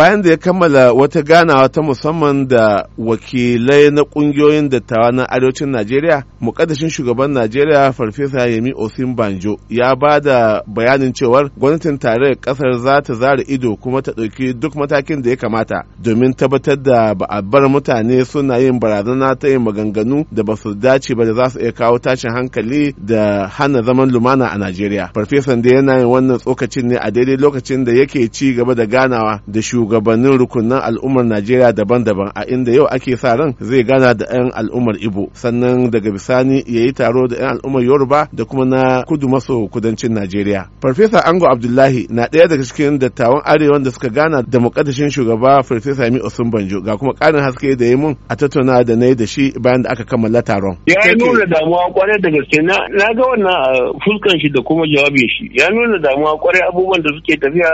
bayan da ya kammala wata ganawa ta musamman da wakilai na kungiyoyin dattawa na arewacin najeriya mukaddashin shugaban najeriya farfesa yemi osin banjo ya ba da bayanin cewar gwamnatin tarayyar kasar za ta zara ido kuma ta ɗauki duk matakin da ya kamata domin tabbatar da ba a bar mutane suna yin barazana ta yin maganganu da ba su dace ba da za su iya kawo tashin hankali da hana zaman lumana a najeriya farfesan da yana yin wannan tsokacin ne a daidai lokacin da yake ci gaba da ganawa da shugaban shugabannin rukunan al'ummar Najeriya daban-daban a inda yau ake sa ran zai gana da 'yan al'ummar Ibo sannan daga bisani ya yi taro da 'yan al'ummar Yoruba da kuma na kudu maso kudancin Najeriya. Farfesa Ango Abdullahi na ɗaya daga cikin dattawan arewa da suka gana da muƙaddashin shugaba Farfesa Mi Osunbanjo ga kuma ƙarin haske da ya mun a tattauna da na yi da shi bayan da aka kammala taron. Ya nuna damuwa kwarai da gaske na ga wannan fuskan shi da kuma jawabin shi ya nuna damuwa kwarai abubuwan da suke tafiya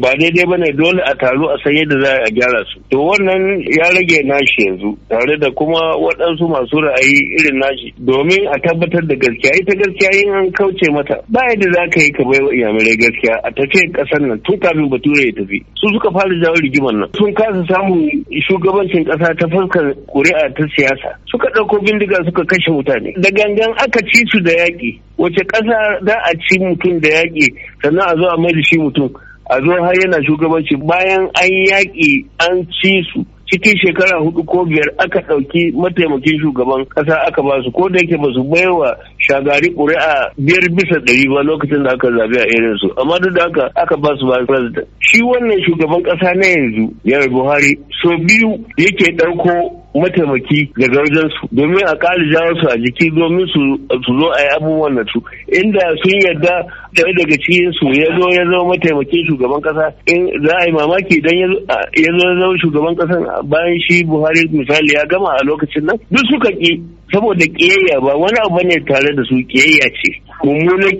ba daidai bane dole a taro zo a san yadda za a gyara su to wannan ya rage nashi yanzu tare da kuma waɗansu masu ra'ayi irin nashi domin a tabbatar da gaskiya ita gaskiya yin an kauce mata ba yadda za ka yi ka bai wa iyamirai gaskiya a tafiyar ƙasar nan tun kafin bature ya tafi su suka fara jawo rigimar nan sun kasa samun shugabancin ƙasa ta fuskar ƙuri'a ta siyasa suka ɗauko bindiga suka kashe mutane da gangan aka ci su da yaƙi wace ƙasa za a ci mutum da yaƙi sannan a zo a mai da shi mutum a zo har yana shugabanci bayan an yaƙi an ci su cikin shekara hudu ko biyar aka ɗauki mataimakin shugaban ƙasa aka ba su ko da yake ba su baiwa shagari ƙuri'a biyar bisa ɗari ba lokacin da aka zaɓi a irin su amma duk da haka aka ba su ba president shi wannan shugaban ƙasa na yanzu yar buhari so biyu yake ɗauko mataimaki ga garjan su domin a ƙara jawo su a jiki domin su zo a yi abubuwan na su inda sun yarda ɗaya daga cikin su ya zo ya zama mataimakin shugaban kasa in za a yi mamaki idan ya zo ya zama shugaban kasa bayan shi Buhari misali ya gama a lokacin nan duk suka ki saboda ƙiyayya ba wani abu ne tare da su kiyayya ce mummunan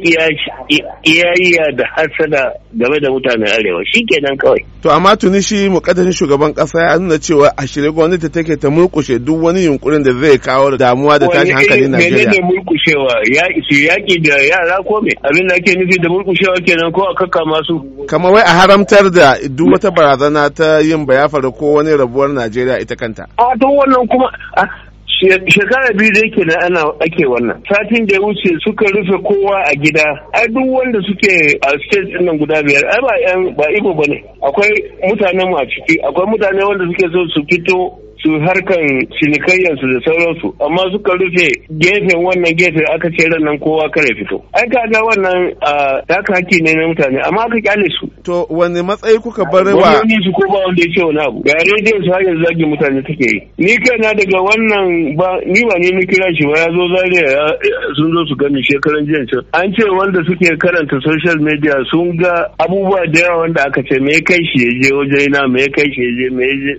kiyayya da hasada game da mutanen arewa shi kenan kawai. To amma tuni shi mukaddashin shugaban kasa ya nuna cewa a shirye gwamnati take ta murkushe duk wani yunkurin da zai kawo damuwa da tashin hankalin Najeriya. Wani ne murkushewa ya isi yaki da yara ko me abin da ake nufi da murkushewa kenan ko a kakka masu. Kamar wai a haramtar da duk wata barazana ta yin bayafara ko wani rabuwar Najeriya ita kanta. A to wannan kuma shekara biyu da yake na ana ake wannan satin da ya wuce suka rufe kowa a gida ai duk wanda suke a state din nan guda biyar ai ba ba ibo bane akwai mutanen mu a ciki akwai mutane wanda suke so su fito su harkan cinikayyansu da sauransu amma suka rufe gefen wannan gefe aka ce nan kowa kare fito ai kaga wannan taka haƙƙi ne na mutane amma aka kyale su to wani matsayi kuka bar wa wani su ko ba wanda ya ce wani abu ga rediyon su hanyar zagi mutane take yi ni kaina daga wannan ba ni ba ne ni kira shi ba ya zo sun zo su gani shekaran jiya can an ce wanda suke karanta social media sun ga abubuwa da yawa wanda aka ce me kai shi ya je wajen me kai shi ya je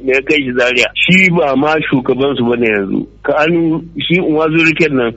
me kai shi zaria shi ba ma shugabansu ba ne yanzu ka an shi uwa zurikin nan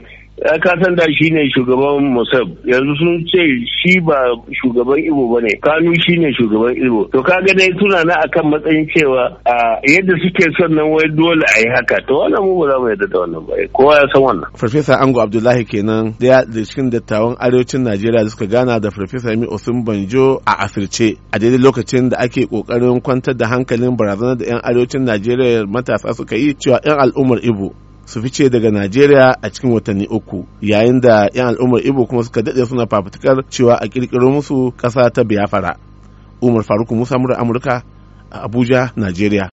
ya kasan da shi ne shugaban musab yanzu sun ce shi ba shugaban ibo ba ne kanu shi ne shugaban ibo to kaga dai suna na akan matsayin cewa yadda suke son nan wai dole a yi haka to wannan mu za mu yadda da wannan ba kowa ya san wannan farfesa ango abdullahi kenan daya da cikin dattawan arewacin najeriya da suka gana da farfesa mi osun banjo a asirce a daidai lokacin da ake kokarin kwantar da hankalin barazanar da yan arewacin najeriya matasa suka yi cewa yan al'ummar ibo su fice daga Najeriya a cikin watanni uku yayin da 'yan al'ummar Ibo kuma suka daɗe suna fafutukar cewa a ƙirƙiro musu ƙasa ta Biafra. Umar Faruk Musa Amurka a Abuja, Najeriya.